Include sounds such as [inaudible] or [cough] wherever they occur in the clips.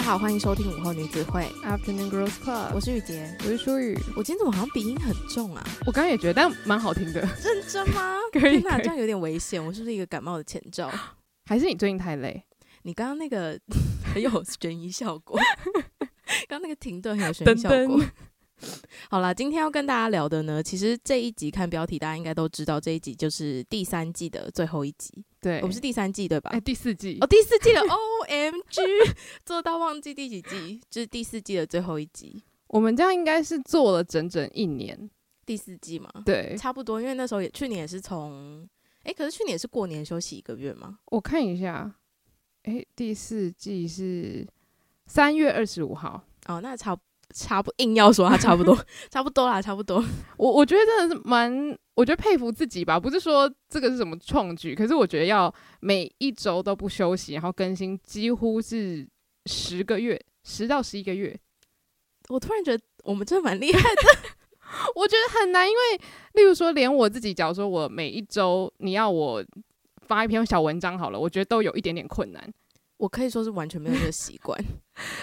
大家好，歡迎收聽午後女子會 Afternoon Girls Club，我是雨潔，我是舒雨。我今天怎麼好像鼻音很重啊？我剛剛也覺得，但蠻好聽的。認真嗎？ [laughs] 天哪、啊，這樣有點危險。我是不是一個感冒的前兆？還是你最近太累？你剛剛那個很有懸疑效果，剛 [laughs] 剛 [laughs] 那個停頓很有懸疑效果。燈燈嗯、好啦，今天要跟大家聊的呢，其實這一集看標題，大家應該都知道，這一集就是第三季的最後一集。對，我、哦、們是第三季對吧？哎、欸，第四季哦，第四季的 OMG， [laughs] 做到忘記第幾季， [laughs] 就是第四季的最後一集。我們這樣應該是做了整整一年第四季嘛？對，差不多，因為那時候也去年也是從哎、欸，可是去年也是過年休息一個月嘛。我看一下，哎、欸，第四季是三月二十五號哦，那差。差不多，硬要說他差不多， [laughs] 差不多啦，差不多。我我覺得真的是蠻，我覺得佩服自己吧。不是說這個是什麼創舉，可是我覺得要每一周都不休息，然後更新幾乎是十個月，十到十一個月。我突然覺得我們真的蠻厲害的。 [laughs] 我覺得很難，因為例如說，連我自己，假如說我每一周你要我發一篇小文章好了，我覺得都有一點點困難。我可以說是完全沒有這個習慣，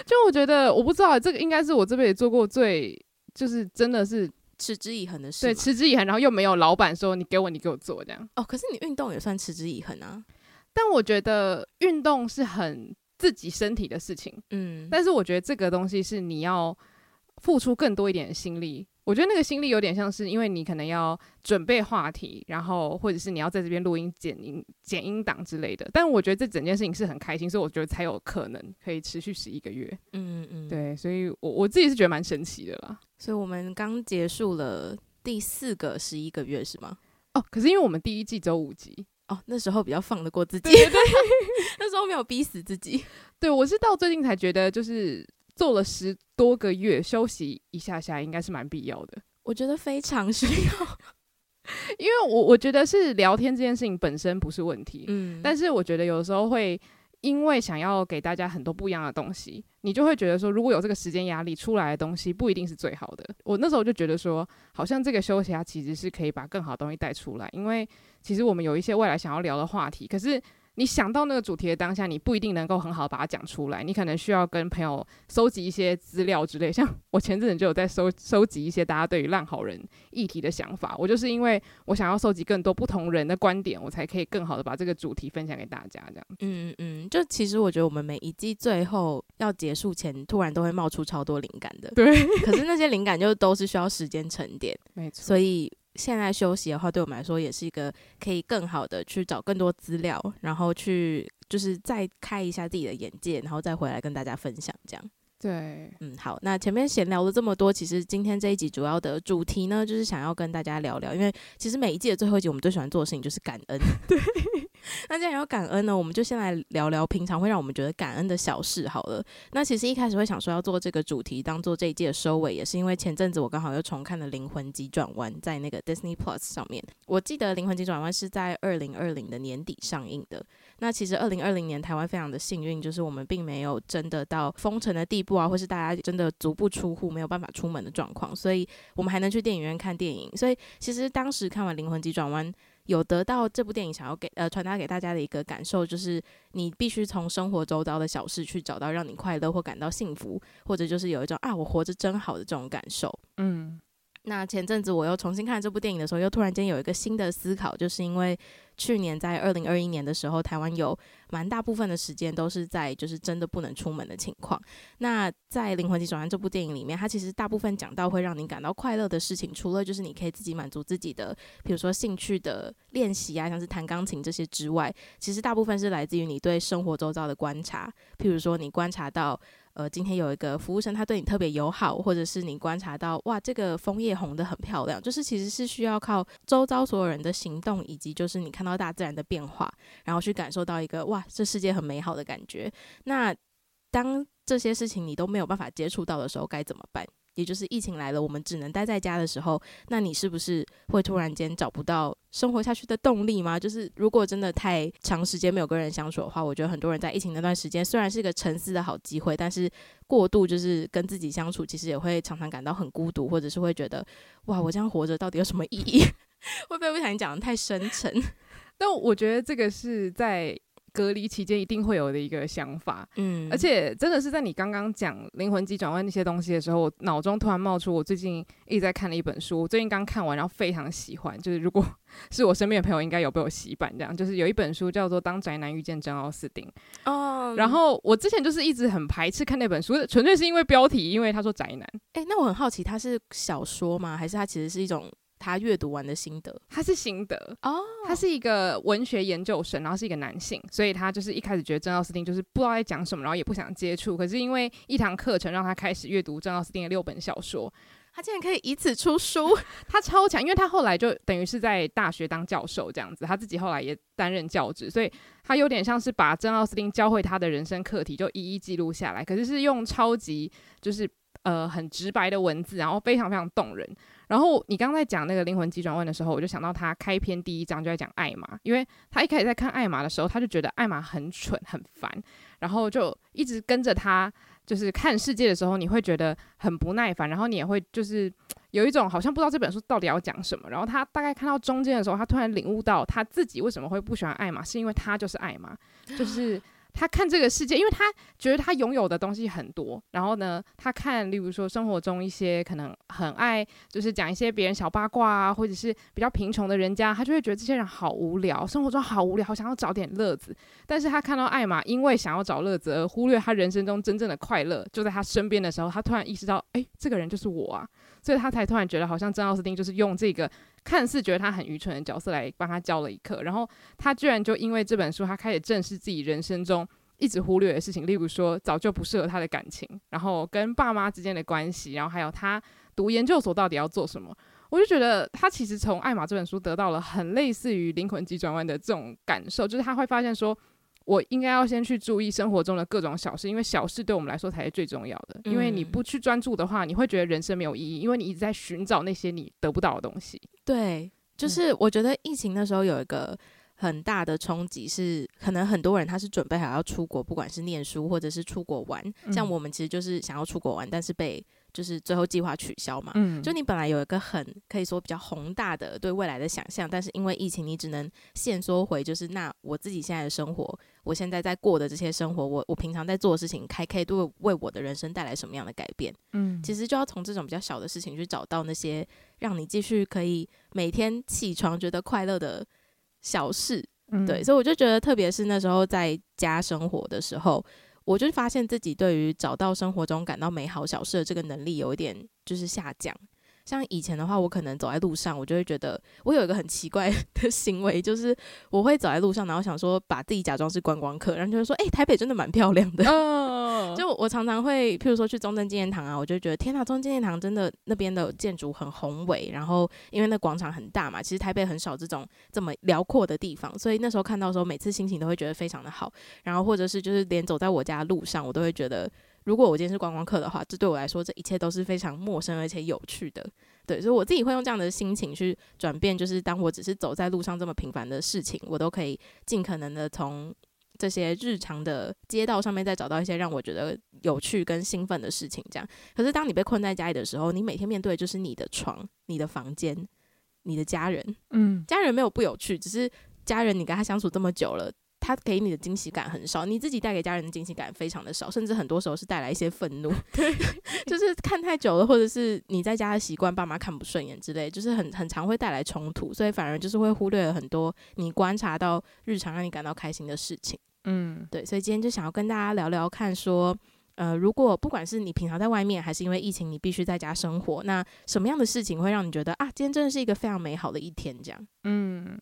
就我覺得我不知道、啊、這個應該是我這輩子做過最就是真的是持之以恆的事。對，持之以恆，然後又沒有老闆說，你給我你給我做這樣。哦，可是你運動也算持之以恆啊，但我覺得運動是很自己身體的事情。嗯，但是我覺得這個東西是你要。付出更多一點的心力，我覺得那個心力有點像是因為你可能要準備話題，然後或者是你要在這邊錄音、剪音、剪音檔之類的。但我覺得這整件事情是很開心，所以我覺得才有可能可以持續十一個月。嗯嗯嗯，對，所以我我自己是覺得蠻神奇的啦。所以我們剛結束了第四個十一個月是嗎？哦，可是因為我們第一季只有五集，哦那時候比較放得過自己，對，對，對， [laughs] 那時候沒有逼死自己。對我是到最近才覺得就是。做了十多個月，休息一下下應該是蠻必要的。我覺得非常需要 [laughs] 因為我我覺得是聊天這件事情本身不是問題。嗯，但是我覺得有時候會因為想要給大家很多不一樣的東西，你就會覺得說，如果有這個時間壓力出來的東西，不一定是最好的。我那時候就覺得說，好像這個休息啊，其實是可以把更好的東西帶出來，因為其實我們有一些未來想要聊的話題，可是。你想到那個主題的當下，你不一定能夠很好地把它講出來，你可能需要跟朋友收集一些資料之類。像我前陣子就有在收收集一些大家對於爛好人議題的想法，我就是因為我想要收集更多不同人的觀點，我才可以更好地把這個主題分享給大家。這樣，嗯嗯，就其實我覺得我們每一季最後要結束前，突然都會冒出超多靈感的，對。可是那些靈感就都是需要時間沉澱，沒錯。所以。現在休息的話，對我們來說也是一個可以更好的去找更多資料，然後去就是再開一下自己的眼界，然後再回來跟大家分享這樣。對，嗯，好，那前面閒聊了這麼多，其實今天這一集主要的主題呢，就是想要跟大家聊聊，因為其實每一季的最後一集，我們最喜歡做的事情就是感恩。對， [laughs] 那既然要感恩呢，我們就先來聊聊平常會讓我們覺得感恩的小事好了。那其實一開始會想說要做這個主題，當做這一季的收尾，也是因為前陣子我剛好又重看了《靈魂急轉彎》在那個 Disney Plus 上面。我記得《靈魂急轉彎》是在二零二零的年底上映的。那其實二零二零年台灣非常的幸運，就是我們並沒有真的到封城的地步啊，或是大家真的足不出戶，沒有辦法出門的狀況，所以我們還能去電影院看電影。所以其實當時看完《靈魂急轉彎》，有得到這部電影想要給呃，傳達給大家的一個感受，就是你必須從生活周遭的小事去找到讓你快樂或感到幸福，或者就是有一種啊，我活着真好的這種感受。嗯。那前陣子我又重新看這部電影的時候，又突然間有一個新的思考，就是因為去年在二零二一年的時候，台灣有蠻大部分的時間都是在就是真的不能出門的情況。那在《靈魂急轉彎》這部電影裡面，它其實大部分講到會讓你感到快樂的事情，除了就是你可以自己滿足自己的，比如說興趣的練習啊，像是彈鋼琴這些之外，其實大部分是來自於你對生活周遭的觀察，譬如說你觀察到。呃，今天有一個服務生，他對你特別友好，或者是你觀察到，哇，這個楓葉紅得很漂亮，就是其實是需要靠周遭所有人的行動，以及就是你看到大自然的變化，然後去感受到一個，哇，這世界很美好的感覺。那當這些事情你都沒有辦法接觸到的時候，該怎麼辦？也就是疫情來了，我們只能待在家的時候，那你是不是會突然間找不到生活下去的動力嗎？就是如果真的太長時間沒有跟人相處的話，我覺得很多人在疫情那段時間雖然是一個沉思的好機會，但是過度就是跟自己相處，其實也會常常感到很孤獨，或者是會覺得哇，我這樣活着到底有什麼意義？會不會不想你講得太深沉？ [laughs] 但我覺得這個是在。隔離期間一定會有的一個想法，嗯，而且真的是在你剛剛講靈魂機轉換那些東西的時候，我腦中突然冒出我最近一直在看的一本書，我最近剛看完，然後非常喜歡。就是如果是我身邊的朋友，應該有被我洗版這樣。就是有一本書叫做《當宅男遇見珍奧斯汀》哦、嗯，然後我之前就是一直很排斥看那本書，純粹是因為標題，因為他說宅男。誒、欸，那我很好奇，它是小說嗎？還是它其實是一種？他閱讀完的心得，他是心得哦，oh. 他是一個文學研究生，然後是一個男性，所以他就是一開始覺得珍奧斯汀就是不知道在講什麼，然後也不想接觸。可是因為一堂課程讓他開始閱讀珍奧斯汀的六本小說，他竟然可以以此出書， [laughs] 他超強，因為他後來就等於是在大學當教授這樣子，他自己後來也擔任教職，所以他有點像是把珍奧斯汀教會他的人生課題就一一記錄下來，可是是用超級就是呃很直白的文字，然後非常非常動人。然後你剛剛在講那個靈魂急轉彎的時候，我就想到他開篇第一章就在講艾瑪，因為他一開始在看艾瑪的時候，他就覺得艾瑪很蠢很煩，然後就一直跟着他，就是看世界的時候，你會覺得很不耐煩，然後你也會就是有一種好像不知道這本書到底要講什麼。然後他大概看到中間的時候，他突然領悟到他自己為什麼會不喜歡艾瑪，是因為他就是艾瑪，就是。他看這個世界，因為他覺得他擁有的東西很多。然後呢，他看，例如說生活中一些可能很愛，就是講一些別人小八卦啊，或者是比較貧窮的人家，他就會覺得這些人好無聊，生活中好無聊，好想要找點樂子。但是他看到艾瑪因為想要找樂子而忽略他人生中真正的快樂就在他身邊的時候，他突然意識到，欸，這個人就是我啊。所以他才突然覺得，好像珍·奧斯汀就是用這個看似覺得他很愚蠢的角色來幫他教了一課。然後他居然就因為這本書，他開始正視自己人生中一直忽略的事情，例如說早就不適合他的感情，然後跟爸媽之間的關係，然後還有他讀研究所到底要做什麼。我就覺得他其實從《艾瑪》這本書得到了很類似於《靈魂急轉彎》的這種感受，就是他會發現說。我應該要先去注意生活中的各種小事，因為小事對我們來說才是最重要的。因為你不去專注的話，你會覺得人生沒有意義，因為你一直在尋找那些你得不到的東西。對，就是我覺得疫情的時候有一個很大的衝擊，是可能很多人他是準備好要出國，不管是念書或者是出國玩。像我們其實就是想要出國玩，但是被。就是最後計劃取消嘛，嗯，就你本來有一個很可以說比較宏大的對未來的想象，但是因為疫情，你只能限縮回。就是那我自己現在的生活，我現在在過的這些生活，我我平常在做的事情，它可以對為我的人生帶來什麼樣的改變？嗯，其實就要從這種比較小的事情去找到那些讓你繼續可以每天起床覺得快樂的小事。嗯，對，所以我就覺得，特別是那時候在家生活的時候。我就是發現自己對於找到生活中感到美好小事的這個能力有一點就是下降。像以前的話，我可能走在路上，我就會覺得我有一個很奇怪的行為，就是我會走在路上，然後想說把自己假裝是觀光客，然後就會說：“誒、欸，台北真的蠻漂亮的。Oh. ” [laughs] 就我常常會，譬如說去中正紀念堂啊，我就覺得天吶、啊，中正紀念堂真的那邊的建築很宏偉，然後因為那廣場很大嘛，其實台北很少這種這麼遼闊的地方，所以那時候看到的時候，每次心情都會覺得非常的好。然後或者是就是連走在我家的路上，我都會覺得。如果我今天是觀光客的話，這對我來說這一切都是非常陌生而且有趣的，對，所以我自己會用這樣的心情去轉變，就是當我只是走在路上這麼平凡的事情，我都可以盡可能的從這些日常的街道上面再找到一些讓我覺得有趣跟興奮的事情。這樣，可是當你被困在家裡的時候，你每天面對就是你的床、你的房間、你的家人，嗯，家人沒有不有趣，只是家人，你跟他相處這麼久了。他給你的驚喜感很少，你自己帶給家人的驚喜感非常的少，甚至很多時候是帶來一些憤怒。對， [laughs] [laughs] 就是看太久了，或者是你在家的習慣爸媽看不順眼之類，就是很很常會帶來衝突，所以反而就是會忽略了很多你觀察到日常讓你感到開心的事情。嗯，對，所以今天就想要跟大家聊聊看說，呃，如果不管是你平常在外面，還是因為疫情你必須在家生活，那什麼樣的事情會讓你覺得啊，今天真的是一個非常美好的一天？這樣，嗯。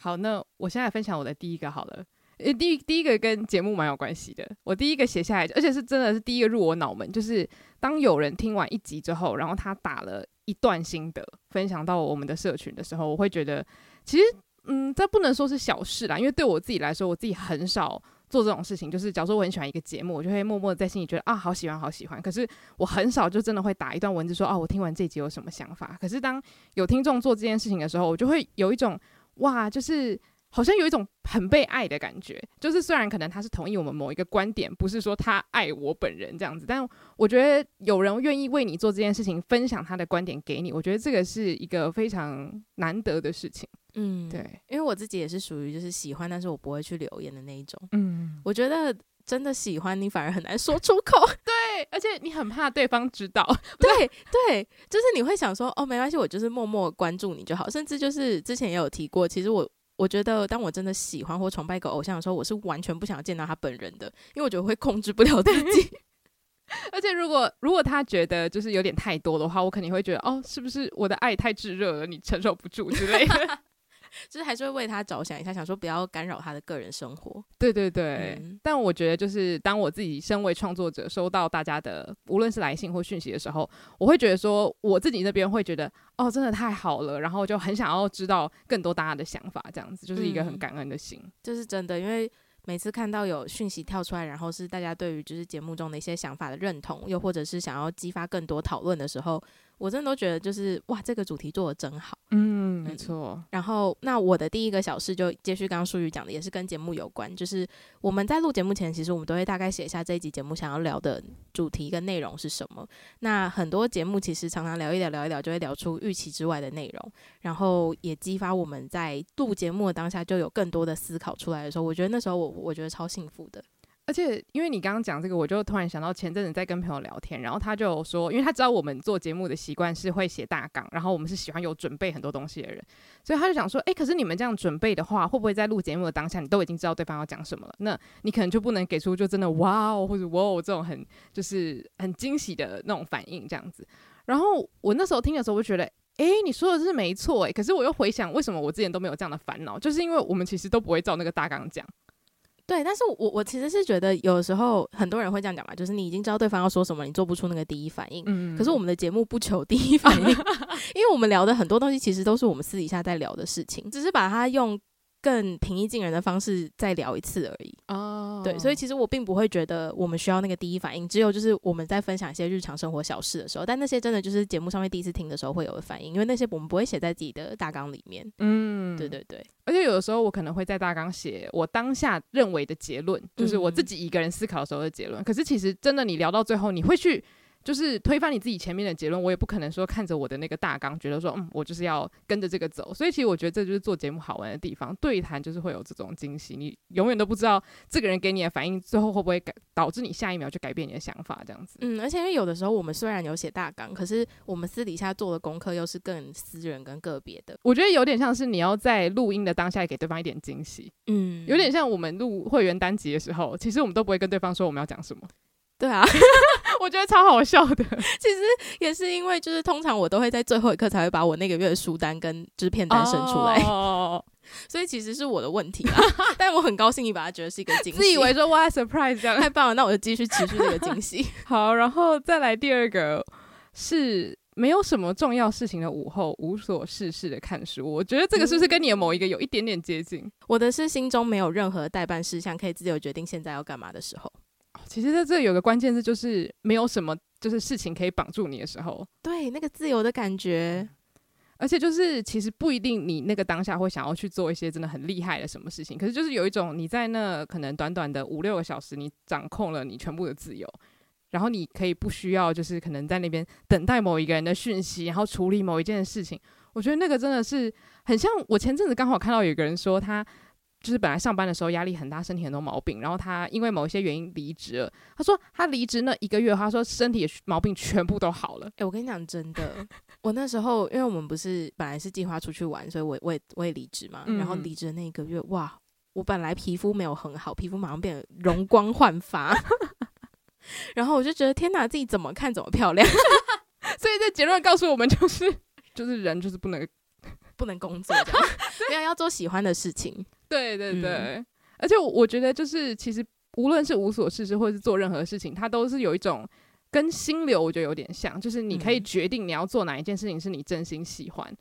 好，那我現在分享我的第一個好了，呃、第第一個跟節目蠻有關係的。我第一個寫下來，而且是真的是第一個入我腦門，就是當有人聽完一集之後，然後他打了一段心得分享到我們的社群的時候，我會覺得其實，嗯，這不能說是小事啦，因為對我自己來說，我自己很少做這種事情。就是假如說我很喜歡一個節目，我就會默默在心裡覺得啊，好喜歡，好喜歡。可是我很少就真的會打一段文字說，哦、啊，我聽完這集有什麼想法。可是當有聽眾做這件事情的時候，我就會有一種。哇，就是好像有一種很被愛的感覺。就是雖然可能他是同意我們某一個觀點，不是說他愛我本人這樣子，但我覺得有人願意為你做這件事情，分享他的觀點給你，我覺得這個是一個非常難得的事情。嗯，對，因為我自己也是屬於就是喜歡，但是我不會去留言的那一種。嗯，我覺得真的喜歡你反而很難說出口。 [laughs] 對。對，而且你很怕對方知道，對對，就是你會想說哦，沒關係，我就是默默關注你就好。甚至就是之前也有提過，其實我我覺得，當我真的喜歡或崇拜一個偶像的時候，我是完全不想要見到他本人的，因為我覺得會控制不了自己。 [laughs] [laughs] 而且如果如果他覺得就是有點太多的話，我肯定會覺得哦，是不是我的愛太炙熱了，你承受不住之類的。 [laughs] [laughs] 就是還是會為他着想一下，想說不要干擾他的個人生活。對對對、嗯，但我覺得就是當我自己身為創作者，收到大家的無論是來信或訊息的時候，我會覺得說我自己那邊會覺得哦，真的太好了，然後就很想要知道更多大家的想法，這樣子就是一個很感恩的心、嗯。就是真的，因為每次看到有訊息跳出來，然後是大家對於就是節目中的一些想法的認同，又或者是想要激發更多討論的時候。我真的都覺得就是哇，這個主題做得真好。嗯，嗯，沒錯。然後，那我的第一個小事就接續剛剛淑宇講的，也是跟節目有關，就是我們在錄節目前，其實我們都會大概寫一下這一集節目想要聊的主題跟內容是什麼。那很多節目其實常常聊一聊聊一聊，就會聊出預期之外的內容，然後也激發我們在錄節目的當下就有更多的思考出來的時候，我覺得那時候我我覺得超幸福的。而且，因為你剛剛講這個，我就突然想到前陣子在跟朋友聊天，然後他就說，因為他知道我們做節目的習慣是會寫大綱，然後我們是喜歡有準備很多東西的人，所以他就想說，哎，可是你們這樣準備的話，會不會在錄節目的當下，你都已經知道對方要講什麼了？那你可能就不能給出就真的哇哦或者哇哦這種很就是很驚喜的那種反應這樣子。然後我那時候聽的時候我就覺得，哎，你說的是沒錯，誒，可是我又回想為什麼我之前都沒有這樣的煩惱，就是因為我們其實都不會照那個大綱講。對，但是我我其實是覺得，有時候很多人會這樣講嘛，就是你已經知道對方要說什麼，你做不出那個第一反應。嗯，嗯。嗯。可是我們的節目不求第一反應， [laughs] 因為我們聊的很多東西其實都是我們私底下在聊的事情，只是把它用更平易近人的方式再聊一次而已哦，Oh. 對，所以其實我並不會覺得我們需要那個第一反應，只有就是我們在分享一些日常生活小事的時候，但那些真的就是節目上面第一次聽的時候會有的反應，因為那些我們不會寫在自己的大綱裡面。嗯，對對對，而且有的時候我可能會在大綱寫我當下認為的結論，就是我自己一個人思考的時候的結論。嗯，可是其實真的，你聊到最後，你會去。就是推翻你自己前面的結論，我也不可能說看着我的那個大綱，覺得說嗯，我就是要跟着這個走。所以其實我覺得這就是做節目好玩的地方，對談就是會有這種驚喜，你永遠都不知道這個人給你的反應，最後會不會改導致你下一秒去改變你的想法，這樣子。嗯，而且因為有的時候我們雖然有寫大綱，可是我們私底下做的功課又是更私人跟個別的。我覺得有點像是你要在錄音的當下給對方一點驚喜，嗯，有點像我們錄會員單集的時候，其實我們都不會跟對方說我們要講什麼。對啊， [laughs] 我覺得超好笑的。 [laughs] 其實也是因為，就是通常我都會在最後一刻才會把我那個月的書單跟片單生出來。哦，所以其實是我的問題啦、啊。但我很高興你把它覺得是一個驚喜， [laughs] 自以為說哇，surprise，這樣太棒了。那我就繼續持續這個驚喜。 [laughs] 好，然後再來第二個是沒有什麼重要事情的午後，無所事事的看書。我覺得這個是不是跟你的某一個有一點點接近？嗯、我的是心中沒有任何待辦事項，可以自由決定現在要幹嘛的時候。其實在這有個關鍵字，就是沒有什麼就是事情可以綁住你的時候，對那個自由的感覺，而且就是其實不一定你那個當下會想要去做一些真的很厲害的什麼事情，可是就是有一種你在那可能短短的五六個小時，你掌控了你全部的自由，然後你可以不需要就是可能在那邊等待某一個人的訊息，然後處理某一件事情，我覺得那個真的是很像我前陣子剛好看到有個人說他。就是本來上班的時候壓力很大，身體很多毛病，然後他因為某一些原因離職了。他說他離職那一個月，他說身體毛病全部都好了。哎、欸，我跟你講，真的，我那時候因為我們不是本來是計劃出去玩，所以我我也我也離職嘛。嗯、然後離職的那一個月，哇，我本來皮膚沒有很好，皮膚馬上變得容光煥發。 [laughs] [laughs] 然後我就覺得天哪，自己怎麼看怎麼漂亮。 [laughs] 所以這結論告訴我們，就是就是人就是不能不能工作， [laughs] 沒有要做喜歡的事情。對對對、嗯，而且我覺得就是，其實無論是無所事事或是做任何事情，它都是有一種跟心流，我覺得有點像，就是你可以決定你要做哪一件事情是你真心喜歡。嗯、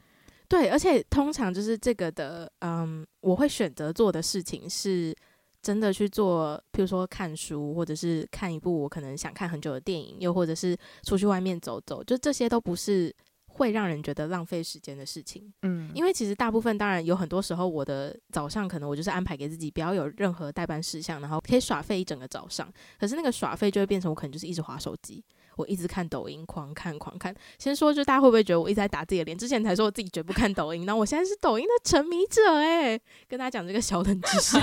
對，而且通常就是這個的，嗯，我會選擇做的事情是真的去做，比如說看書，或者是看一部我可能想看很久的電影，又或者是出去外面走走，就這些都不是，會讓人覺得浪費時間的事情，嗯，因為其實大部分當然有很多時候，我的早上可能我就是安排給自己不要有任何待辦事項，然後可以耍廢一整個早上。可是那個耍廢就會變成我可能就是一直滑手機，我一直看抖音，狂看狂看。先說，就大家會不會覺得我一直在打自己的臉？之前才說我自己絕不看抖音，那我現在是抖音的沉迷者誒、欸，跟大家講這個小冷知識。 [laughs]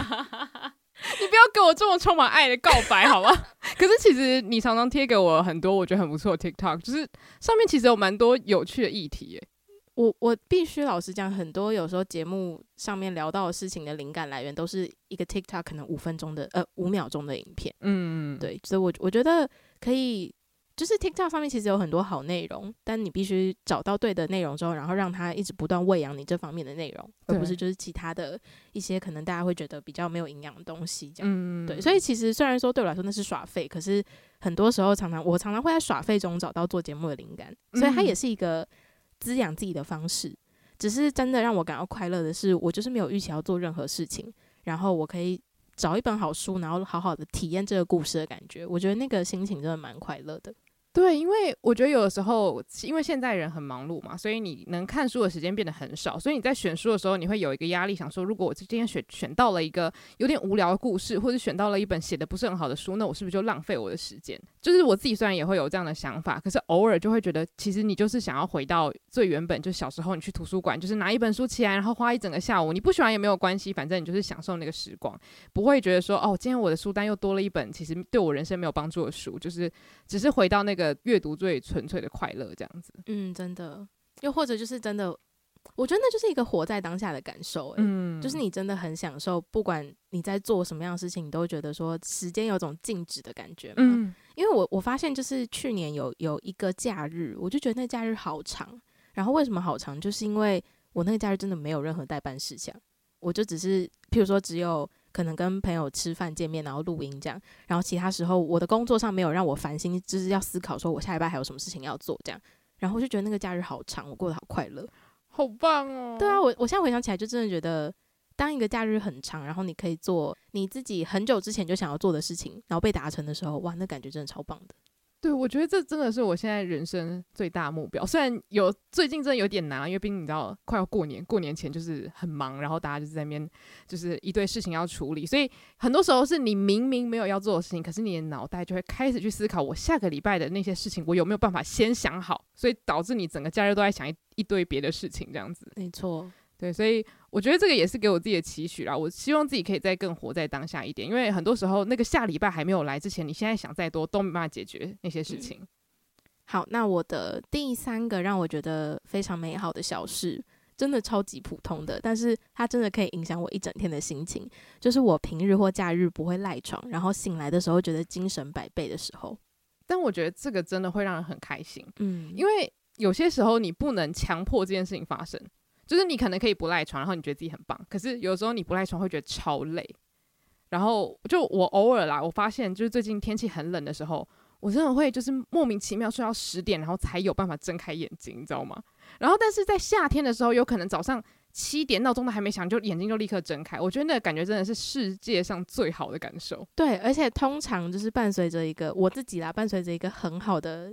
你不要給我這麼充滿愛的告白好嗎？ [laughs] 可是其實你常常貼給我很多我覺得很不錯的 TikTok，就是上面其實有蠻多有趣的議題耶。我我必須老實講，很多有時候節目上面聊到的事情的靈感來源，都是一個 TikTok 可能五分鐘的呃五秒鐘的影片。嗯嗯，對，所以我，我我覺得可以。就是 TikTok 上面其實有很多好內容，但你必須找到對的內容之後，然後讓它一直不斷餵養你這方面的內容，而不是就是其他的一些可能大家會覺得比較沒有營養的東西這樣。嗯、對，所以其實雖然說對我來說那是耍廢，可是很多時候常常我常常會在耍廢中找到做節目的靈感，所以它也是一個滋養自己的方式，嗯。只是真的讓我感到快樂的是，我就是沒有預期要做任何事情，然後我可以找一本好書，然後好好的體驗這個故事的感覺。我覺得那個心情真的蠻快樂的。對，因為我覺得有的時候，因為現在人很忙碌嘛，所以你能看書的時間變得很少，所以你在選書的時候，你會有一個壓力，想說，如果我今天選選到了一個有點無聊的故事，或者選到了一本寫的不是很好的書，那我是不是就浪費我的時間？就是我自己雖然也會有這樣的想法，可是偶爾就會覺得，其實你就是想要回到最原本，就小時候你去圖書館，就是拿一本書起來，然後花一整個下午，你不喜歡也沒有關係，反正你就是享受那個時光，不會覺得說，哦，今天我的書單又多了一本，其實對我人生沒有幫助的書，就是只是回到那個。閱讀最純粹的快樂這樣子，嗯，真的，又或者就是真的，我覺得那就是一個活在當下的感受，欸，嗯，就是你真的很享受，不管你在做什麼樣的事情，你都覺得說時間有種靜止的感覺，嗯，因為我我發現就是去年有有一個假日，我就覺得那假日好長，然後為什麼好長？就是因為我那個假日真的沒有任何待辦事項，我就只是，譬如說只有。可能跟朋友吃飯見面，然後錄音這樣，然後其他時候我的工作上沒有讓我煩心，就是要思考說我下禮拜還有什麼事情要做這樣，然後我就覺得那個假日好長，我過得好快樂，好棒哦。對啊，我我現在回想起來就真的覺得，當一個假日很長，然後你可以做你自己很久之前就想要做的事情，然後被達成的時候，哇，那感覺真的超棒的。對，我覺得這真的是我現在人生最大目標。雖然有最近真的有點難，因為畢竟你知道，快要過年，過年前就是很忙，然後大家就是在那邊就是一堆事情要處理，所以很多時候是你明明沒有要做的事情，可是你的腦袋就會開始去思考我下個禮拜的那些事情，我有沒有辦法先想好，所以導致你整個假日都在想一，一堆別的事情，這樣子。沒錯。對，所以我覺得這個也是給我自己的期許啦。我希望自己可以再更活在當下一點，因為很多時候那個下禮拜還沒有來之前，你現在想再多都沒辦法解決那些事情。嗯。好，那我的第三個讓我覺得非常美好的小事，真的超級普通的，但是它真的可以影響我一整天的心情。就是我平日或假日不會賴床，然後醒來的時候覺得精神百倍的時候。嗯。但我覺得這個真的會讓人很開心，嗯，因為有些時候你不能強迫這件事情發生。就是你可能可以不賴床，然後你覺得自己很棒。可是有時候你不賴床會覺得超累。然後就我偶爾啦，我發現就是最近天氣很冷的時候，我真的會就是莫名其妙睡到十點，然後才有辦法睜開眼睛，你知道嗎？然後但是在夏天的時候，有可能早上七點鬧鐘都還沒響，就眼睛就立刻睜開。我覺得那感覺真的是世界上最好的感受。對，而且通常就是伴隨着一個我自己啦，伴隨着一個很好的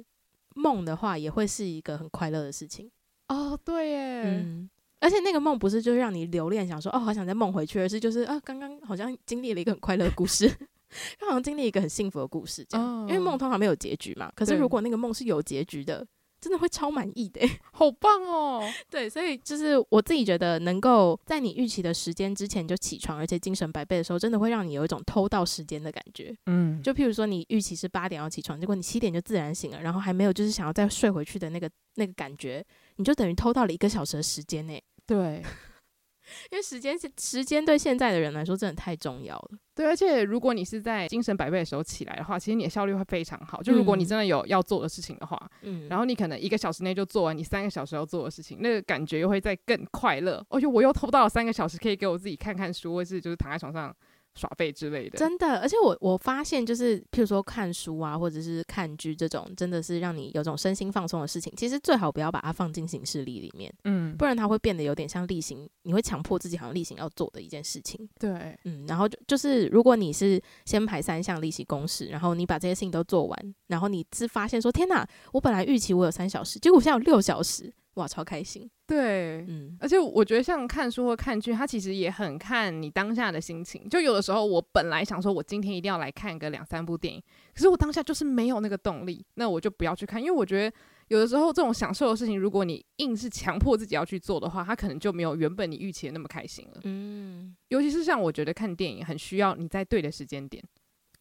夢的話，也會是一個很快樂的事情。哦，對耶。嗯而且那個夢不是就讓你留戀，想說哦，好想再夢回去，而是就是啊，剛剛好像經歷了一個很快樂的故事， [laughs] [laughs] 好像經歷一個很幸福的故事這樣。哦、因為夢通常沒有結局嘛。可是如果那個夢是有結局的，真的會超滿意的、欸， [laughs] 好棒哦。對，所以就是我自己覺得，能夠在你預期的時間之前就起床，而且精神百倍的時候，真的會讓你有一種偷到時間的感覺。嗯。就譬如說你預期是八點要起床，結果你七點就自然醒了，然後還沒有就是想要再睡回去的那個那個感覺，你就等於偷到了一個小時的時間呢、欸。對， [laughs] 因為時間時間對現在的人來說真的太重要了。對，而且如果你是在精神百倍的時候起來的話，其實你的效率會非常好。就如果你真的有要做的事情的話，嗯，然後你可能一個小時內就做完你三個小時要做的事情，嗯、那個感覺又會再更快樂。而、哎、且我又偷到了三個小時，可以給我自己看看書，或者是就是躺在床上。耍廢之類的，真的，而且我我發現就是，譬如說看書啊，或者是看劇這種，真的是讓你有種身心放鬆的事情。其實最好不要把它放進行事曆裡面，嗯，不然它會變得有點像例行，你會強迫自己好像例行要做的一件事情。對，嗯，然後就就是如果你是先排三項例行公事，然後你把這些事情都做完，然後你只發現說天哪、啊，我本來預期我有三小時，結果我現在有六小時。哇，超開心！對，嗯，而且我覺得像看書或看劇，它其實也很看你當下的心情。就有的時候，我本來想說，我今天一定要來看個兩三部電影，可是我當下就是沒有那個動力，那我就不要去看，因為我覺得有的時候這種享受的事情，如果你硬是強迫自己要去做的話，它可能就沒有原本你預期的那麼開心了。嗯，尤其是像我覺得看電影，很需要你在對的時間點。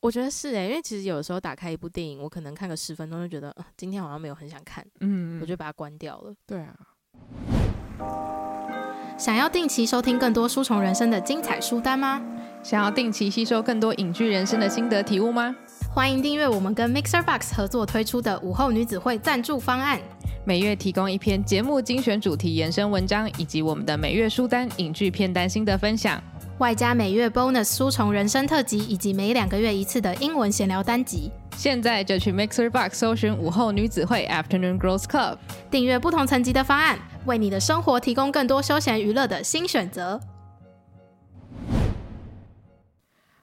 我覺得是誒、欸，因為其實有時候打開一部電影，我可能看個十分鐘就覺得，呃，今天好像沒有很想看，嗯，嗯，我就把它關掉了。對啊。想要定期收聽更多書蟲人生的精彩書單嗎？想要定期吸收更多影劇人生的心得體悟嗎？歡迎訂閱我們跟 Mixer Box 合作推出的午後女子會贊助方案，每月提供一篇節目精選主題延伸文章，以及我們的每月書單、影劇片單心得分享。外加每月 bonus 書蟲人生特輯，以及每兩個月一次的英文閒聊單集。現在就去 MixerBox 搜尋午後女子會 Afternoon Girls Club，訂閱不同層級的方案，為你的生活提供更多休閒娛樂的新選擇。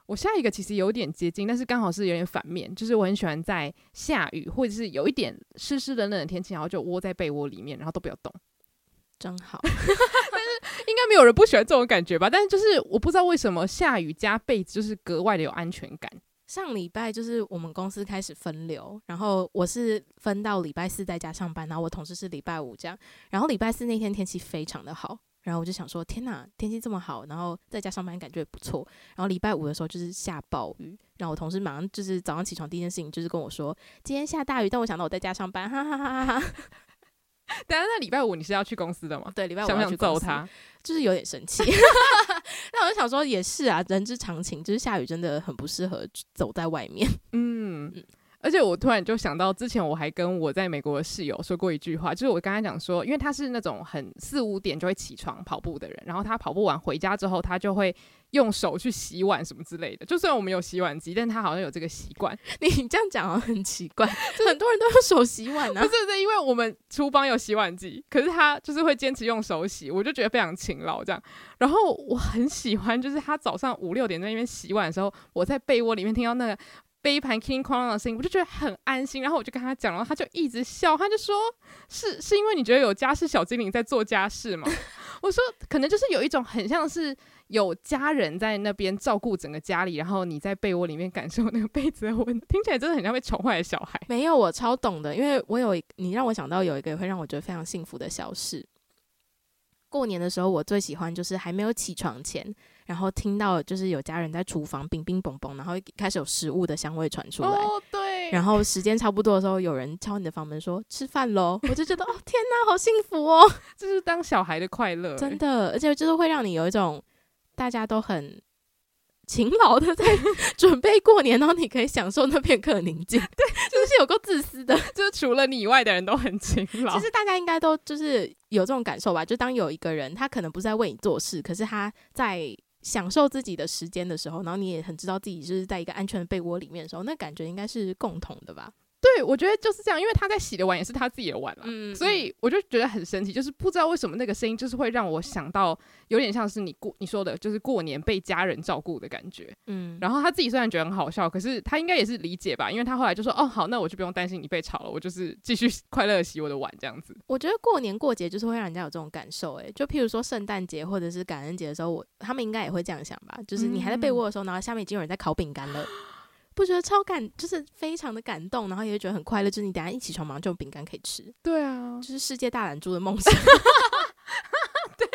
我下一個其實有點接近，但是剛好是有點反面，就是我很喜歡在下雨或者是有一點濕濕冷冷的天氣，然後就窩在被窩裡面，然後都不要動。真好， [laughs] 但是應該沒有人不喜歡這種感覺吧？ [laughs] 但是就是我不知道為什麼下雨加被子就是格外的有安全感。上禮拜就是我們公司開始分流，然後我是分到禮拜四在家上班，然後我同事是禮拜五這樣。然後禮拜四那天天氣非常的好，然後我就想說天哪，天氣這麼好，然後在家上班感覺也不錯。然後禮拜五的時候就是下暴雨，然後我同事馬上就是早上起床第一件事情就是跟我說今天下大雨，但我想到我在家上班，哈哈哈哈哈。等下，那禮拜五你是要去公司的嗎？對，禮拜五要去，想去揍他，就是有點生氣。 [laughs] [laughs] 那我就想說，也是啊，人之常情。就是下雨真的很不適合走在外面，嗯。嗯，而且我突然就想到，之前我還跟我在美國的室友說過一句話，就是我剛剛講說，因為他是那種很四五點就會起床跑步的人，然後他跑步完回家之後，他就會。用手去洗碗什麼之類的，就雖然我們有洗碗機，但他好像有這個習慣。你這樣講好像很奇怪，就很多人都用手洗碗啊。不是不是，因為我們廚房有洗碗機，可是他就是會堅持用手洗，我就覺得非常勤勞這樣。然後我很喜歡，就是他早上五六點在那邊洗碗的時候，我在被窩裡面聽到那個杯盤 king 叮叮哐啷的聲音，我就覺得很安心。然後我就跟他講，然後他就一直笑，他就說是是因為你覺得有家事小精靈在做家事嗎？我說可能就是有一種很像是。有家人在那邊照顧整個家裡，然後你在被窩裡面感受那個被子的溫，聽起來真的很像被寵壞的小孩。沒有，我超懂的，因為我有你讓我想到有一個會讓我覺得非常幸福的小事。過年的時候，我最喜歡就是還沒有起床前，然後聽到就是有家人在廚房乒乒乓乓，然後一開始有食物的香味傳出來。哦，對。然後時間差不多的時候，有人敲你的房門說：“吃飯嘍！”我就覺得 [laughs] 哦，天哪、啊，好幸福哦！這是當小孩的快樂，真的，而且就是會讓你有一種。大家都很勤勞的在準備過年，然後你可以享受那片刻寧靜。 [laughs] 對，就是有夠自私的， [laughs] 就是除了你以外的人都很勤勞。其實大家應該都就是有這種感受吧？就當有一個人他可能不在為你做事，可是他在享受自己的時間的時候，然後你也很知道自己就是在一個安全的被窩裡面的時候，那感覺應該是共同的吧？對，我覺得就是這樣，因為他在洗的碗也是他自己的碗嘛、嗯，所以我就覺得很神奇，就是不知道為什麼那個聲音，就是會讓我想到有點像是你過你說的，就是過年被家人照顧的感覺。嗯，然後他自己雖然覺得很好笑，可是他應該也是理解吧，因為他後來就說：“哦，好，那我就不用擔心你被吵了，我就是繼續快樂洗我的碗這樣子。”我覺得過年過節就是會讓人家有這種感受、欸，哎，就譬如說聖誕節或者是感恩節的時候，我他們應該也會這樣想吧，就是你還在被窩的時候、嗯，然後下面已經有人在烤餅乾了。不覺得超感，就是非常的感動，然後也會覺得很快樂。就是你等一下一起床，馬上就有餅乾可以吃。對啊，就是世界大懶豬的夢想。 [laughs] [laughs] 對，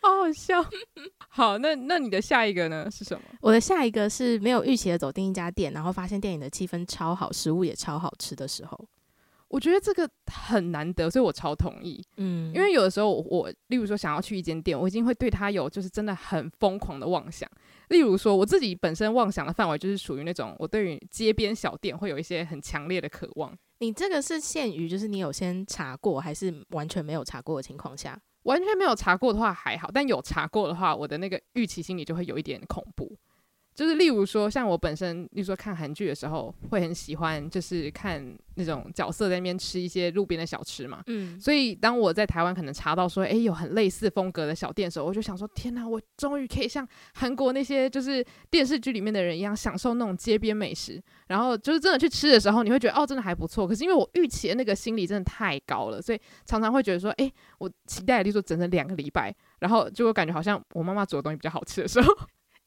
好好笑。 [laughs] 好，那那你的下一個呢？是什麼？我的下一個是沒有預期的走進一家店，然後發現店裡的氣氛超好，食物也超好吃的時候。我覺得這個很難得，所以我超同意。嗯，因為有的時候我，例如說想要去一間店，我已經會對他有就是真的很瘋狂的妄想。例如說，我自己本身妄想的範圍就是屬於那種，我對於街邊小店會有一些很強烈的渴望。你這個是限於就是你有先查過，還是完全沒有查過的情況下？完全沒有查過的話還好，但有查過的話，我的那個預期心理就會有一點恐怖。就是例如說，像我本身，例如說看韓劇的時候，會很喜歡就是看那種角色在那邊吃一些路邊的小吃嘛。嗯。所以當我在台灣可能查到說，誒，有很類似風格的小店的時候，我就想說，天哪，我終於可以像韓國那些就是電視劇裡面的人一樣，享受那種街邊美食。然後就是真的去吃的時候，你會覺得哦，真的還不錯。可是因為我預期的那個心理真的太高了，所以常常會覺得說，哎，我期待例如說整整兩個禮拜，然後結果感覺好像我媽媽煮的東西比較好吃的時候。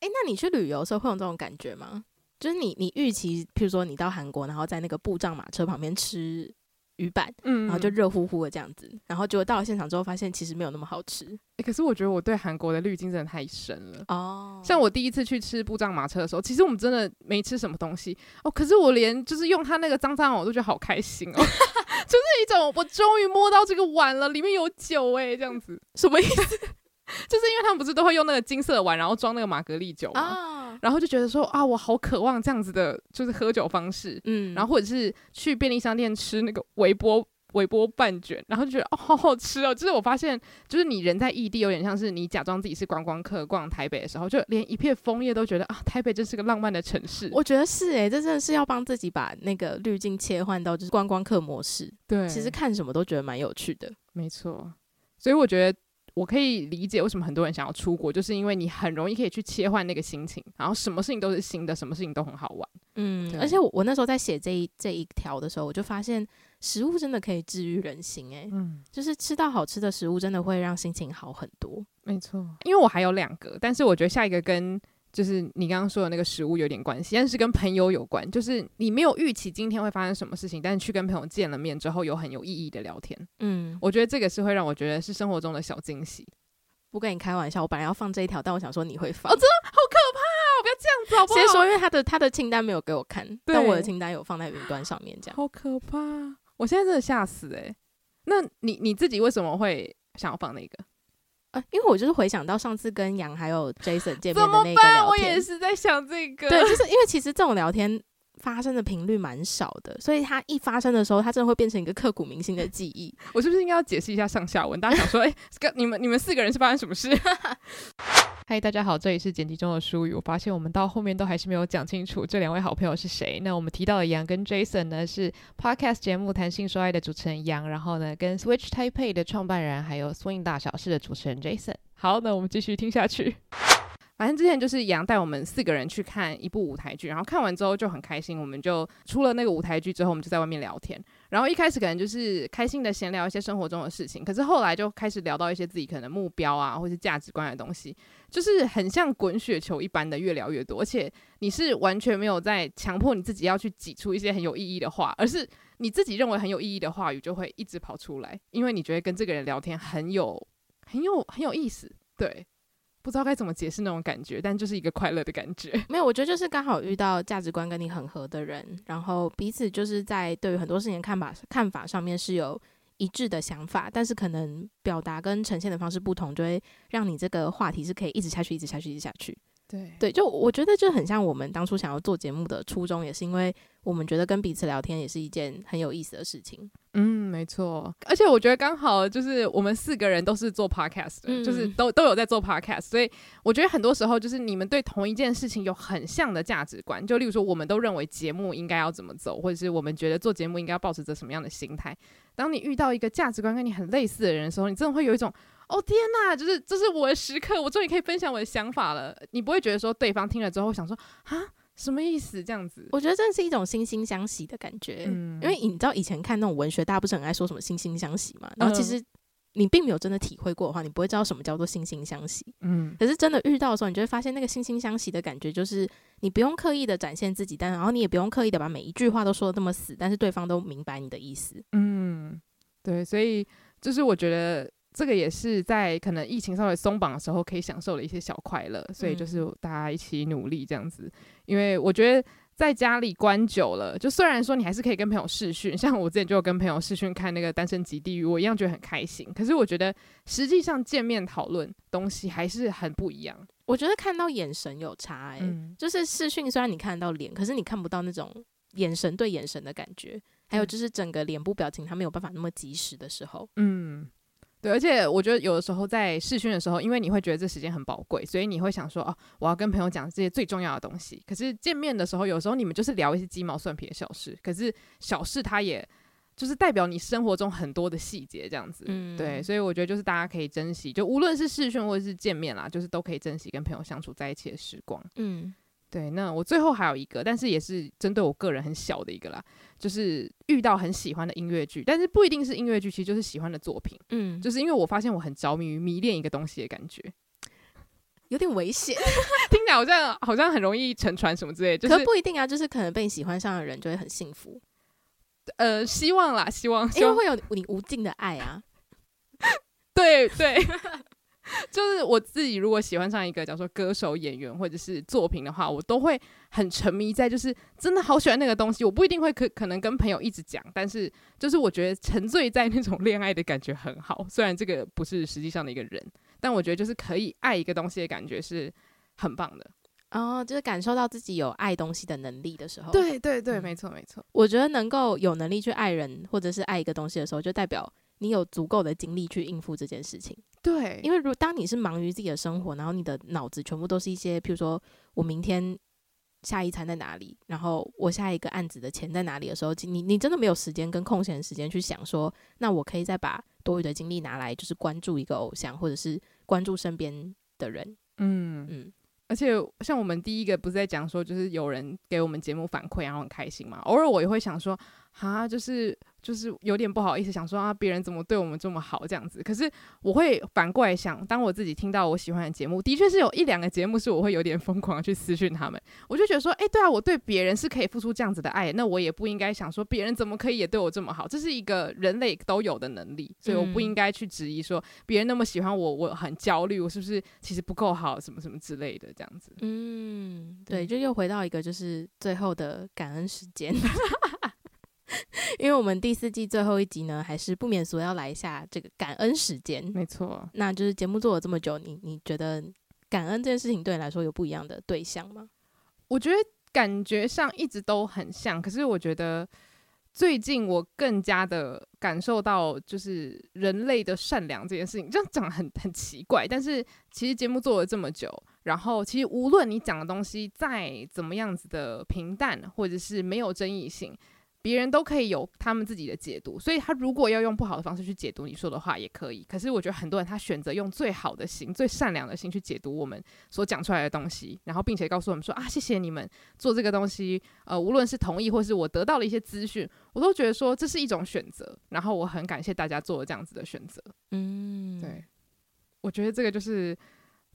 哎、欸，那你去旅遊的時候會有這種感覺嗎？就是你你預期，譬如說你到韓國，然後在那個布帳馬車旁邊吃魚板，然後就熱乎乎的這樣子、嗯，然後結果到了現場之後，發現其實沒有那麼好吃。哎、欸，可是我覺得我對韓國的濾鏡真的太深了哦。像我第一次去吃布帳馬車的時候，其實我們真的沒吃什麼東西哦，可是我連就是用它那個髒髒我都覺得好開心哦， [laughs] 就是一種我終於摸到這個碗了，裡面有酒哎、欸，這樣子什麼意思？ [laughs] 就是因為他們不是都會用那個金色的碗，然後裝那個馬格利酒嗎、啊？然後就覺得說啊，我好渴望這樣子的，就是喝酒方式。嗯，然後或者是去便利商店吃那個微波微波半卷，然後就覺得哦，好好吃哦。就是我發現，就是你人在異地，有點像是你假裝自己是觀光客逛台北的時候，就連一片楓葉都覺得啊，台北真是個浪漫的城市。我覺得是誒、欸，這真的是要幫自己把那個濾鏡切換到就是觀光客模式。對，其實看什麼都覺得蠻有趣的。沒錯，所以我覺得。我可以理解為什麼很多人想要出國，就是因為你很容易可以去切換那個心情，然後什麼事情都是新的，什麼事情都很好玩。嗯，而且我，我那時候在寫這一這一條的時候，我就發現食物真的可以治癒人心，欸，誒，嗯，就是吃到好吃的食物，真的會讓心情好很多。沒錯，因為我還有兩個，但是我覺得下一個跟。就是你剛剛說的那個食物有點關係，但是跟朋友有關。就是你沒有預期今天會發生什麼事情，但是去跟朋友見了面之後有很有意義的聊天。嗯，我覺得這個是會讓我覺得是生活中的小驚喜。不跟你開玩笑，我本來要放這一條，但我想說你會放。哦，真的好可怕哦不要這樣子，好不好？先說，因為他的他的清單沒有給我看，但我的清單有放在雲端上面，這樣。好可怕！我現在真的嚇死欸。那你你自己為什麼會想要放那個？因為我就是回想到上次跟楊還有 Jason 見面的那個聊天，我也是在想這個。對，就是因為其實這種聊天發生的頻率蠻少的，所以它一發生的時候，它真的會變成一個刻骨銘心的記憶。 [laughs] 我是不是應該要解釋一下上下文？大家想說，欸，哎， [laughs] 你們你們四個人是發生什麼事？ [laughs] 嗨，大家好，這裡是剪輯中的書語。我發現我們到後面都還是沒有講清楚這兩位好朋友是誰。那我們提到的楊跟 Jason 呢，是 Podcast 節目談性說愛的主持人楊，然後呢跟 Switch Taipei 的創辦人，還有 Swing 大小事的主持人 Jason。好，那我們繼續聽下去。反正之前就是楊帶我們四個人去看一部舞台劇，然後看完之後就很開心，我們就出了那個舞台劇之後，我們就在外面聊天。然後一開始可能就是開心的閒聊一些生活中的事情，可是後來就開始聊到一些自己可能目標啊，或是價值觀的東西，就是很像滾雪球一般的越聊越多，而且你是完全沒有在強迫你自己要去擠出一些很有意義的話，而是你自己認為很有意義的話語就會一直跑出來，因為你覺得跟這個人聊天很有很有很有意思，對。不知道該怎麼解釋那種感覺，但就是一個快樂的感覺。沒有，我覺得就是剛好遇到價值觀跟你很合的人，然後彼此就是在對於很多事情的看法看法上面是有一致的想法，但是可能表達跟呈現的方式不同，就會讓你這個話題是可以一直下去，一直下去，一直下去。對，就我覺得就很像我們當初想要做節目的初衷，也是因為我們覺得跟彼此聊天也是一件很有意思的事情。嗯，沒錯。而且我覺得剛好就是我們四個人都是做 podcast 的，嗯，就是都都有在做 podcast，所以我覺得很多時候就是你們對同一件事情有很像的價值觀。就例如說，我們都認為節目應該要怎麼走，或者是我們覺得做節目應該保持着什麼樣的心態。當你遇到一個價值觀跟你很類似的人的時候，你真的會有一種。哦、oh, 天哪，就是這是我的時刻，我終於可以分享我的想法了。你不會覺得說對方聽了之後想說啊什麼意思這樣子？我覺得真的是一種惺惺相惜的感覺，嗯，因為你知道以前看那種文學，大家不是很愛說什麼惺惺相惜嘛。然後其實你並沒有真的體會過的話，你不會知道什麼叫做惺惺相惜。嗯，可是真的遇到的時候，你就會發現那個惺惺相惜的感覺，就是你不用刻意的展現自己，但然後你也不用刻意的把每一句話都說的那麼死，但是對方都明白你的意思。嗯，對，所以就是我覺得。這個也是在可能疫情稍微鬆綁的時候可以享受的一些小快樂，所以就是大家一起努力這樣子，嗯。因為我覺得在家裡關久了，就雖然說你還是可以跟朋友視訊，像我之前就有跟朋友視訊看那個《單身即地獄》，我一樣覺得很開心。可是我覺得實際上見面討論東西還是很不一樣。我覺得看到眼神有差、欸，誒、嗯。就是視訊雖然你看得到臉，可是你看不到那種眼神對眼神的感覺，還有就是整個臉部表情，它沒有辦法那麼及時的時候，嗯。嗯對，而且我覺得有的時候在視訊的時候，因為你會覺得這時間很寶貴，所以你會想說，哦、啊，我要跟朋友講這些最重要的東西。可是見面的時候，有時候你們就是聊一些雞毛蒜皮的小事。可是小事它也就是代表你生活中很多的細節，這樣子、嗯。對，所以我覺得就是大家可以珍惜，就無論是視訊或者是見面啦，就是都可以珍惜跟朋友相處在一起的時光。嗯。對，那我最後還有一個，但是也是針對我個人很小的一個啦，就是遇到很喜歡的音樂劇，但是不一定是音樂劇，其實就是喜歡的作品。嗯，就是因為我發現我很着迷於迷戀一個東西的感覺，有點危險， [laughs] 聽起來好像好像很容易沉船什麼之類的，就是。可是不一定啊，就是可能被你喜歡上的人就會很幸福。呃，希望啦，希望，因為會有你無盡的愛啊。對 [laughs] 對。對 [laughs] [laughs] 就是我自己，如果喜歡上一個，假如說歌手、演員或者是作品的話，我都會很沉迷在，就是真的好喜歡那個東西。我不一定會可可能跟朋友一直講，但是就是我覺得沉醉在那種戀愛的感覺很好。雖然這個不是實際上的一個人，但我覺得就是可以愛一個東西的感覺是很棒的。哦。就是感受到自己有愛東西的能力的時候，對對對，沒錯沒錯。我覺得能夠有能力去愛人或者是愛一個東西的時候，就代表你有足夠的精力去應付這件事情。對，因為如果當你是忙於自己的生活，然後你的腦子全部都是一些，譬如說我明天下一餐在哪裡，然後我下一個案子的錢在哪裡的時候，你你真的沒有時間跟空閒的時間去想說，那我可以再把多餘的精力拿來，就是關注一個偶像，或者是關注身邊的人。嗯嗯，而且像我們第一個不是在講說，就是有人給我們節目反饋，然後很開心嘛。偶爾我也會想說，哈，就是。就是有點不好意思，想說啊，別人怎麼對我們這麼好這樣子？可是我會反過來想，當我自己聽到我喜歡的節目，的確是有一兩個節目是我會有點瘋狂去私訊他們，我就覺得說，誒、欸，對啊，我對別人是可以付出這樣子的愛，那我也不應該想說別人怎麼可以也對我這麼好，這是一個人類都有的能力，所以我不應該去質疑說別人那麼喜歡我，我很焦慮，我是不是其實不夠好，什麼什麼之類的這樣子。嗯，對，就又回到一個就是最後的感恩時間。 [laughs] [laughs] 因為我們第四季最後一集呢，還是不免俗要來一下這個感恩時間。沒錯，那就是節目做了這麼久，你你覺得感恩這件事情對你來說有不一樣的對象嗎？我覺得感覺上一直都很像，可是我覺得最近我更加的感受到，就是人類的善良這件事情，這樣講很很奇怪。但是其實節目做了這麼久，然後其實無論你講的東西再怎麼樣子的平淡，或者是沒有爭議性。別人都可以有他們自己的解讀，所以他如果要用不好的方式去解讀你說的話，也可以。可是我覺得很多人他選擇用最好的心、最善良的心去解讀我們所講出來的東西，然後並且告訴我們說：“啊，謝謝你們做這個東西。”呃，無論是同意或是我得到了一些資訊，我都覺得說這是一種選擇。然後我很感謝大家做了這樣子的選擇。嗯，對，我覺得這個就是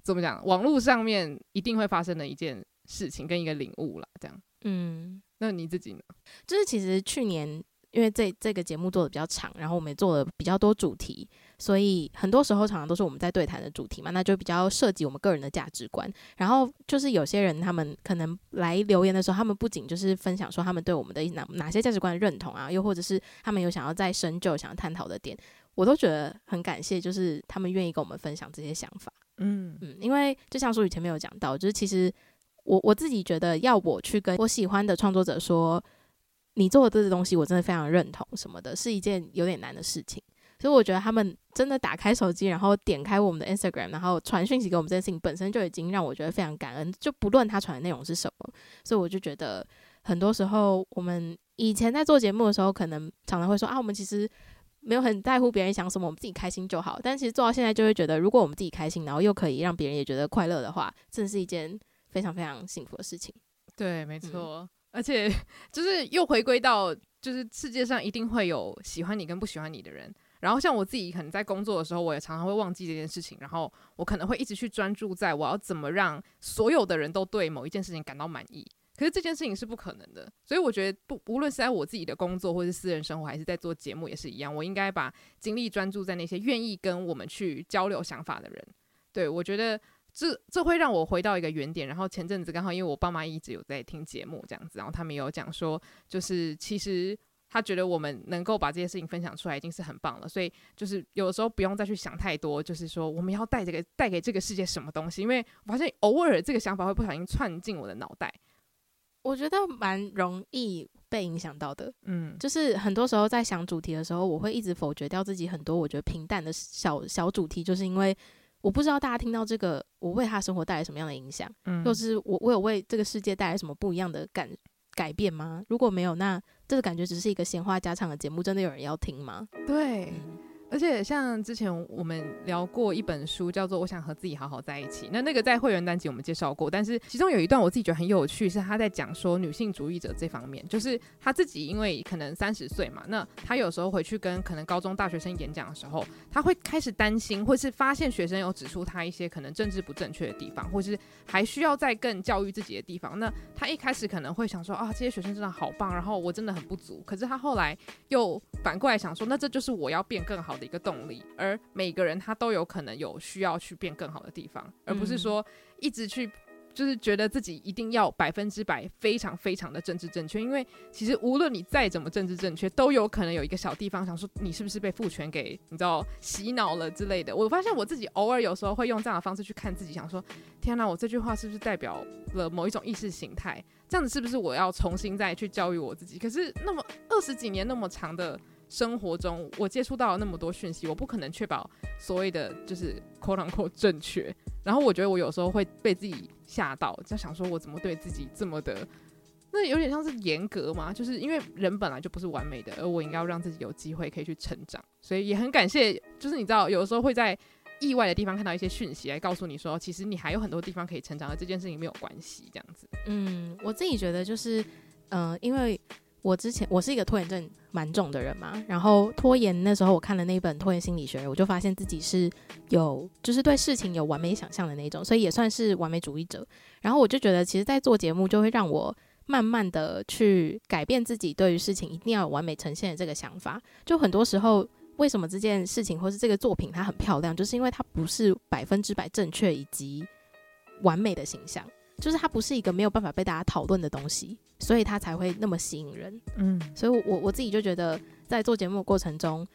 怎麼講，網絡上面一定會發生的一件事情跟一個領悟啦，這樣。嗯。那你自己呢？就是其實去年，因為這這個節目做的比較長，然後我們也做了比較多主題，所以很多時候常常都是我們在對談的主題嘛，那就比較涉及我們個人的價值觀。然後就是有些人他們可能來留言的時候，他們不僅就是分享說他們對我們的哪哪些價值觀認同啊，又或者是他們有想要再深究、想要探討的點，我都覺得很感謝，就是他們願意跟我們分享這些想法。嗯嗯，因為就像說以前沒有講到，就是其實。我我自己覺得，要我去跟我喜歡的創作者說，你做的這些東西，我真的非常認同什麼的，是一件有點難的事情。所以我覺得他們真的打開手機，然後點開我們的 Instagram，然後傳訊息給我們這件事情，本身就已經讓我覺得非常感恩。就不論他傳的內容是什麼，所以我就覺得很多時候，我們以前在做節目的時候，可能常常會說啊，我們其實沒有很在乎別人想什麼，我們自己開心就好。但其實做到現在，就會覺得，如果我們自己開心，然後又可以讓別人也覺得快樂的話，這是一件。非常非常幸福的事情，對，沒錯。嗯，而且就是又回歸到，就是世界上一定會有喜歡你跟不喜歡你的人。然後像我自己，可能在工作的時候，我也常常會忘記這件事情。然後我可能會一直去專注在我要怎麼讓所有的人都對某一件事情感到滿意。可是這件事情是不可能的，所以我覺得不，無論是在我自己的工作，或者是私人生活，還是在做節目也是一樣，我應該把精力專注在那些願意跟我們去交流想法的人。對，我覺得。這這會讓我回到一個原點，然後前陣子剛好因為我爸媽一直有在聽節目這樣子，然後他們也有講說，就是其實他覺得我們能夠把這些事情分享出來已經是很棒了，所以就是有的時候不用再去想太多，就是說我們要帶這個帶給這個世界什麼東西，因為我發現偶爾這個想法會不小心竄進我的腦袋，我覺得蠻容易被影響到的，嗯，就是很多時候在想主題的時候，我會一直否決掉自己很多我覺得平淡的小小主題，就是因為。我不知道大家聽到這個，我為他生活帶來什麼樣的影響？嗯，或、就是我我有為這個世界帶來什麼不一樣的感改，改變嗎？如果沒有，那這個感覺只是一個閒話家常的節目，真的有人要聽嗎？對。嗯。而且像之前我們聊過一本書，叫做《我想和自己好好在一起》。那那個在會員單集我們介紹過，但是其中有一段我自己覺得很有趣，是他在講說女性主義者這方面，就是他自己因為可能三十歲嘛，那他有時候回去跟可能高中大學生演講的時候，他會開始擔心，或是發現學生有指出他一些可能政治不正確的地方，或是還需要再更教育自己的地方。那他一開始可能會想說啊，這些學生真的好棒，然後我真的很不足。可是他後來又反過來想說，那這就是我要變更好的一個動力，而每個人他都有可能有需要去變更好的地方，而不是說一直去就是覺得自己一定要百分之百非常非常的政治正確。因為其實無論你再怎麼政治正確，都有可能有一個小地方想說你是不是被父權給，你知道，洗腦了之類的。我發現我自己偶爾有時候會用這樣的方式去看自己，想說天哪，我這句話是不是代表了某一種意識形態？這樣子是不是我要重新再去教育我自己？可是那麼二十幾年那麼長的。生活中我接觸到了那麼多訊息，我不可能確保所謂的就是 quote unquote 正確。然後我覺得我有時候會被自己嚇到，就想說我怎麼對自己這麼的，那有點像是嚴格嘛？就是因為人本來就不是完美的，而我應該要讓自己有機會可以去成長。所以也很感謝，就是你知道，有時候會在意外的地方看到一些訊息，來告訴你說，其實你還有很多地方可以成長，而這件事情沒有關係。這樣子，嗯，我自己覺得就是，嗯、呃，因為。我之前我是一個拖延症蠻重的人嘛，然後拖延那時候我看了那本《拖延心理學》，我就發現自己是有就是對事情有完美想象的那種，所以也算是完美主義者。然後我就覺得，其實，在做節目就會讓我慢慢的去改變自己對於事情一定要完美呈現的這個想法。就很多時候，為什麼這件事情或是這個作品它很漂亮，就是因為它不是百分之百正確以及完美的形象，就是它不是一個沒有辦法被大家討論的東西。所以他才會那麼吸引人，嗯，所以我，我我自己就覺得，在做節目的過程中，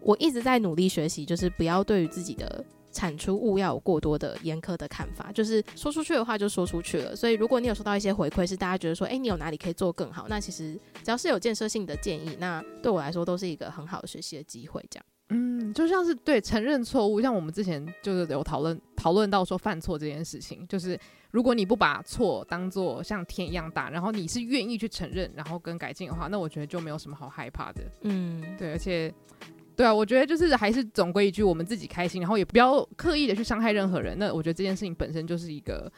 我一直在努力學習，就是不要對於自己的產出物要有過多的嚴苛的看法，就是說出去的話就說出去了。所以，如果你有收到一些回饋，是大家覺得說，哎，你有哪裡可以做更好，那其實只要是有建設性的建議，那對我來說都是一個很好的學習的機會。這樣，嗯，就像是對，承認錯誤，像我們之前就是有討論討論到說犯錯這件事情，就是。如果你不把錯當做像天一樣大，然後你是願意去承認，然後更改進的話，那我覺得就沒有什麼好害怕的。嗯，對，而且，對啊，我覺得就是還是總歸一句，我們自己開心，然後也不要刻意的去傷害任何人。那我覺得這件事情本身就是一個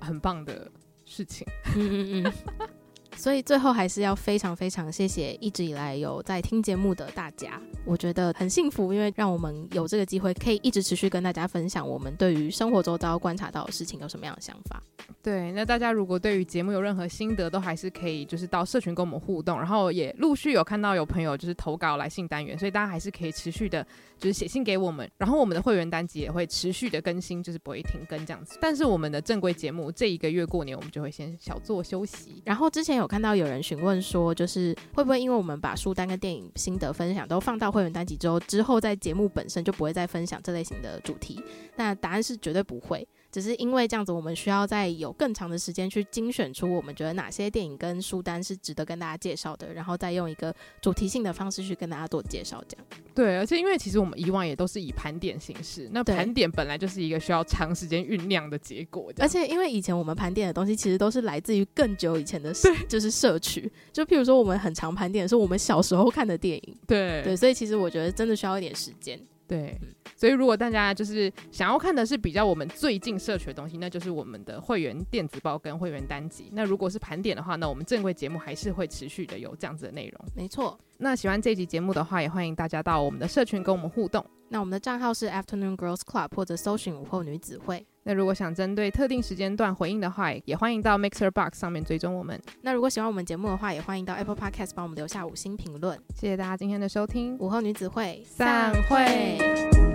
很棒的事情。嗯嗯嗯 [laughs] 所以最後還是要非常非常謝謝一直以來有在聽節目的大家，我覺得很幸福，因為讓我們有這個機會可以一直持續跟大家分享我們對於生活周遭觀察到的事情有什麼樣的想法。對，那大家如果對於節目有任何心得，都還是可以就是到社群跟我們互動，然後也陸續有看到有朋友就是投稿來信單元，所以大家還是可以持續的。就是寫信給我們，然後我們的會員單集也會持續的更新，就是不會停更這樣子。但是我們的正規節目這一個月過年，我們就會先小做休息。然後之前有看到有人詢問說，就是會不會因為我們把書單跟電影心得分享都放到會員單集之後，之後在節目本身就不會再分享這類型的主題？那答案是絕對不會。只是因為這樣子，我們需要再有更長的時間去精選出我們覺得哪些電影跟書單是值得跟大家介紹的，然後再用一個主題性的方式去跟大家做介紹。這樣對，而且因為其實我們以往也都是以盤點形式，那盤點本來就是一個需要長時間醞釀的結果。而且因為以前我們盤點的東西，其實都是來自於更久以前的，就是攝取。就譬如說，我們很常盤點的是我們小時候看的電影。對對，所以其實我覺得真的需要一點時間。對，所以如果大家就是想要看的是比較我們最近社群的東西，那就是我們的會員電子報跟會員單集。那如果是盤點的話，那我們正規節目還是會持續的有這樣子的內容。沒錯。那喜歡這集節目的話，也歡迎大家到我們的社群跟我們互動。那我們的賬號是 Afternoon Girls Club，或者搜尋午後女子會。那如果想針對特定時間段回應的話，也歡迎到 Mixer Box 上面追蹤我們。那如果喜歡我們節目的話，也歡迎到 Apple Podcast 幫我們留下五星評論。謝謝大家今天的收聽，午後女子會散會。